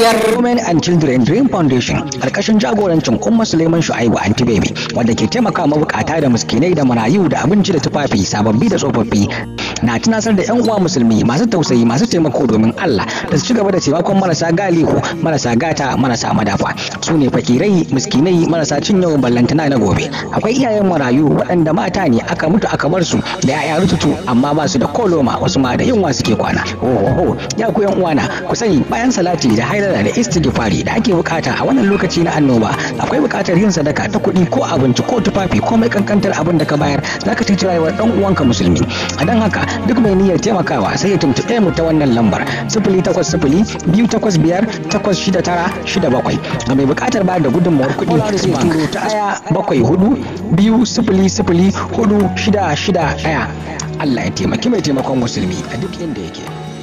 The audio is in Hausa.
Ƙungiyar Women and Children Dream Foundation ƙarƙashin jagorancin Umma Suleiman Shu'aibu Anti Baby wanda ke taimaka mabukata da muskinai da marayu da abinci da tufafi sababbi da tsofaffi na tunasar da 'yan uwa musulmi masu tausayi masu taimako domin Allah da su ci gaba da taimakon marasa galihu marasa gata marasa madafa su ne fakirai miskinai marasa cin yau ballantana na gobe akwai iyayen marayu waɗanda mata ne aka mutu aka bar su da 'ya'ya rututu amma ba su da koloma wasu ma da yunwa suke kwana ohoho ya ku 'yan uwana ku sani bayan salati da haidara da istighfari da ake bukata a wannan lokaci na annoba akwai bukatar yin sadaka ta kuɗi ko abinci ko tufafi ko mai kankantar abin da ka bayar zaka ci rayuwar dan uwanka musulmi a dan haka duk mai niyyar taimakawa sai ya tuntuɓe mu ta wannan lambar sifili takwas sufuli biyu takwas biyar takwas shida tara shida bakwai a mai buƙatar bayar da gudunmawar kuɗi ta bakwai hudu biyu sufuli-sufuli, hudu shida shida ɗaya. Allah ya taimaki mai taimakon musulmi a duk inda yake.